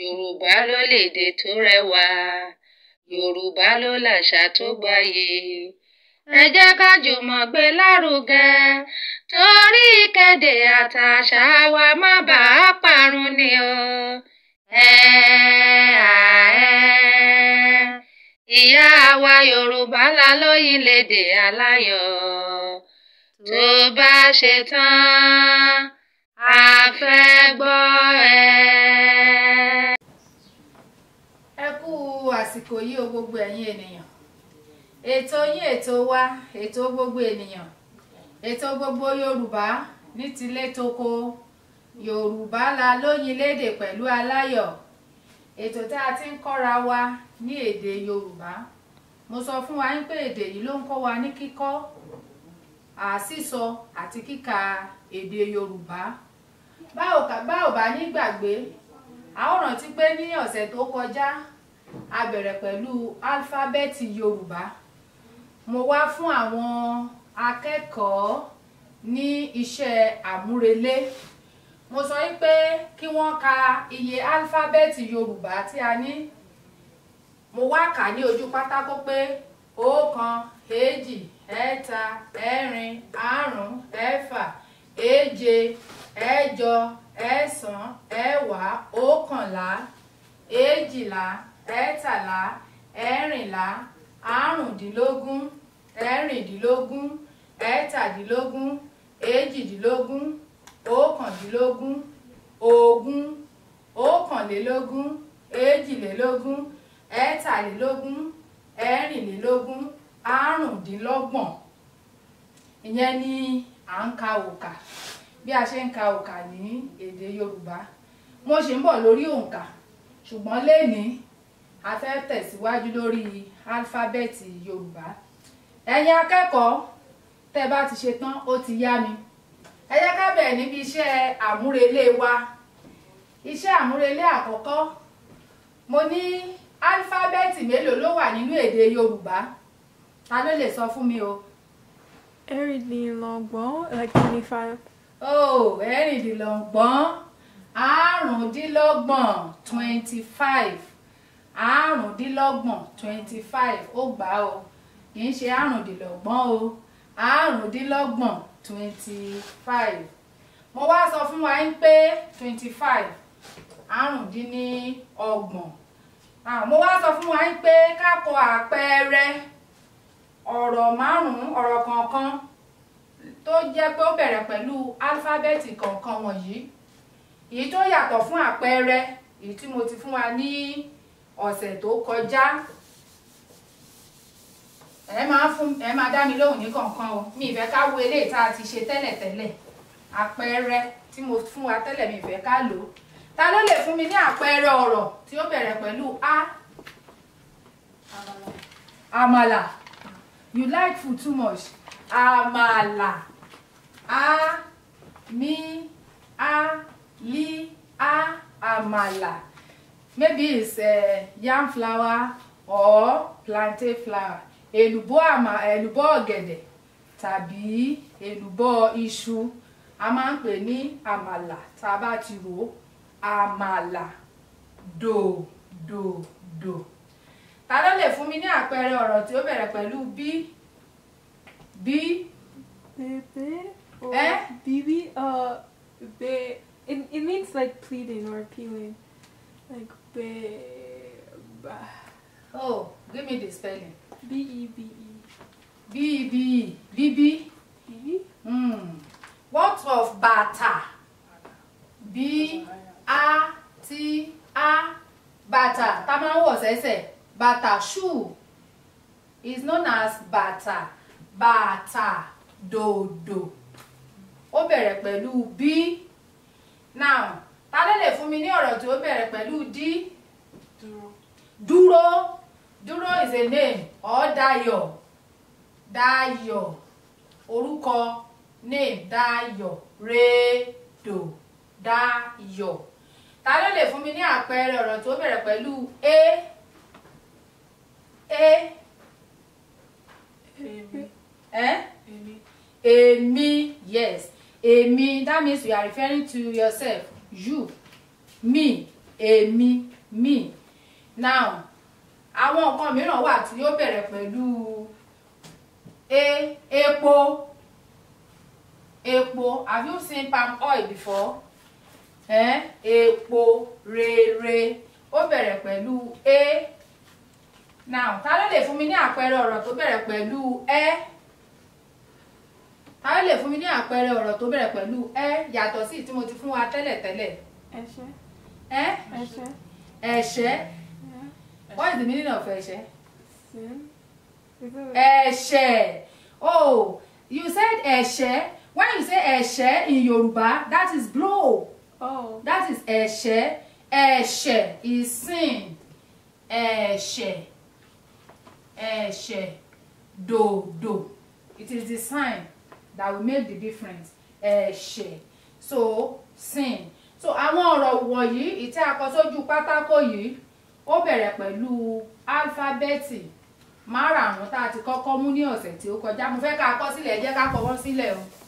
yorùbá ló lédè tó rẹwà yorùbá ló làṣà tó gbayì ẹ jẹ́ ká jùmọ̀ gbé lárugẹ torí ìkéde àtàṣà wa má bàa parun ni o. ẹ ẹ ìyá wa yorùbá la lóyin lédè aláyọ̀ tó bá ṣe tán a fẹ́ gbọ́ ẹ. àsìkò yìí o gbogbo ẹ̀yin ènìyàn ètò yín ètò wa ètò gbogbo ènìyàn ètò gbogbo Yorùbá ní tilé toko Yorùbá la lóyin lédè pẹ̀lú aláyọ̀ ètò tá a ti ń kọ́ra wa ní èdè Yorùbá mo sọ fún wa pé èdè yìí ló ń kọ́ wa ní kíkọ́ àsísọ àti kíka èdè Yorùbá báwo bá ní gbàgbé a ó rántí pé ní ọ̀sẹ̀ tó kọjá a bẹ̀rẹ̀ pẹ̀lú álífábẹ́ẹ̀tì yorùbá mo wá fún àwọn akẹ́kọ̀ọ́ ní iṣẹ́ àmúrelé mo sọ wípé kí wọ́n ka iye álífábẹ́ẹ̀tì yorùbá tí a ní mo wá kà ní ojú pátákó pé ọ̀kan èjì ẹ̀ta ẹ̀rin àrún ẹ̀fà èje ẹ̀jọ ẹ̀sán ẹ̀wá ọ̀kànlá èjìlá ẹẹ́tàlá ẹẹ́rìnlá àrùndínlógún ẹẹ́rìndínlógún ẹẹ́tàdínlógún èjìdínlógún ọ̀kàndínlógún ogún ọ̀kànlélógún èjìlélógún ẹẹ́tàlélógún ẹẹ́rìnlélógún àrùndínlọ́gbọ̀n ìyẹn ni à ń ka òǹkà bí a ṣe ń ka òǹkà ní èdè Yorùbá mo ṣì ń bọ̀ lórí òǹkà ṣùgbọ́n lénìí a fẹ́ tẹ̀síwájú lórí álífábẹ́ẹ̀tì yorùbá ẹ̀yin akẹ́kọ̀ọ́ tẹ́ bá ti ṣe tán ó ti yá mi ẹ jẹ́ níbi iṣẹ́ àmúrelé wa iṣẹ́ àmúrelé àkọ́kọ́ mo ní álífábẹ́ẹ̀tì mélòó ló wà nínú èdè yorùbá ta ló lè sọ fún mi o. ẹ̀rìndínlọ́gbọ̀n ẹ̀ẹ́dínlẹ́fà. o oh, ẹ̀rìndínlọ́gbọ̀n àrùndínlọ́gbọ̀n twenty five àrùndínlọ́gbọ̀n twenty five ó gbà ó kì í ṣe àrùndínlọ́gbọ̀n o àrùndínlọ́gbọ̀n twenty five mo wá sọ fún wa yín pé twenty five àrùndínlọ́gbọ̀n ah, mo wá sọ fún wa yín pé ká kọ àpẹẹrẹ ọ̀rọ̀ márùn-ún ọ̀rọ̀ kọ̀ọ̀kan tó jẹ́ pé ó bẹ̀rẹ̀ pẹ̀lú álífábẹ́ẹ̀tì kọ̀ọ̀kan wọ̀nyí èyí tó yàtọ̀ fún àpẹẹrẹ èyí tí mo ti fún wa ní ọ̀sẹ̀ tó kọjá ẹ máa fún ẹ máa dá mi lóhùn ní kankan o mi ìfẹ́ ká wo eléyìí tá a ti ṣe tẹ́lẹ̀tẹ́lẹ̀ àpẹẹrẹ tí mo fún wa tẹ́lẹ̀ mi ìfẹ́ ká lò ó ta ló lè fún mi ní àpẹẹrẹ ọ̀rọ̀ tí ó bẹ̀rẹ̀ pẹ̀lú a amala you like food too much amala a mi a li a amala maybe it's uh, yam flour or plantain flour èlùbọ́ àmà eh, èlùbọ́ ọ̀gẹ̀dẹ̀ tàbí èlùbọ́ iṣu a máa ń pè ní àmàlà amala a bá ti rò ó àmàlà dò dò dò ta ló lè fún mi ní àpẹẹrẹ ọ̀rọ̀ tí ó bẹ̀rẹ̀ pẹ̀lú bí bí. bèbè or eh? bíbí uh, be it, it means like pleading or appealing like Beba. Oh, give me the spelling. B E B E. B E B E. B e B. E. B. E hmm. What of bàtà? B A T A. Bàtà. Tá máa ń wọ̀ sẹ́sẹ̀. Bàtà shoe is known as bàtà. Bàtà dòdò. Ó bẹ̀rẹ̀ pẹ̀lú B. Now ta ló lè fún mi ní ọ̀rọ̀ tó bẹ̀rẹ̀ pẹ̀lú d. dúró. dúró is a name or Dayọ̀ Dayọ̀ orúkọ name Dayọ̀ rédò Dayọ̀ ta ló lè fún mi ní àpẹẹrẹ ọ̀rọ̀ tó bẹ̀rẹ̀ pẹ̀lú a a èmi eh? èmi èmi yes èmi that means you are referring to yourself you me emi me now àwọn nǹkan mìíràn wà tí ó bẹ̀rẹ̀ pẹ̀lú e epo epo have you seen palm oil before eh? epo rere ó bẹ̀rẹ̀ pẹ̀lú e now ta ló lè fún mi ní àpẹẹrẹ ọ̀rọ̀ tó bẹ̀rẹ̀ pẹ̀lú ẹ. E? a lè fún mi ní àpẹẹrẹ ọ̀rọ̀ tó bẹ̀rẹ̀ pẹ̀lú ẹ yàtọ̀ sí tí mo ti fún wa tẹ́lẹ̀ tẹ́lẹ̀. ẹ̀ṣẹ́. ẹ ẹ̀ṣẹ́. ẹ̀ṣẹ́. what is the meaning of ẹ̀ṣẹ́? ẹ̀ṣẹ́. oh you said ẹ̀ṣẹ́ when you say ẹ̀ṣẹ́ in Yoruba that is blow. oh that is ẹ̀ṣẹ́ ẹ̀ṣẹ̀ is sin ẹ̀ṣẹ̀ ẹ̀ṣẹ̀ dòdò it is the sign that will make the difference ẹ̀ṣẹ̀ so sin so àwọn ọ̀rọ̀ wọ̀nyí ìtẹ́ àkọsójú pátákó yìí ó bẹ̀rẹ̀ pẹ̀lú álífábẹ́ẹ̀tì márààrún tá a ti kọ́kọ́ mú ní ọ̀sẹ̀ tí ó kọjá mo fẹ́ ká kọ sílẹ̀ ẹ jẹ́ ká kọ wọ́n sílẹ̀ o.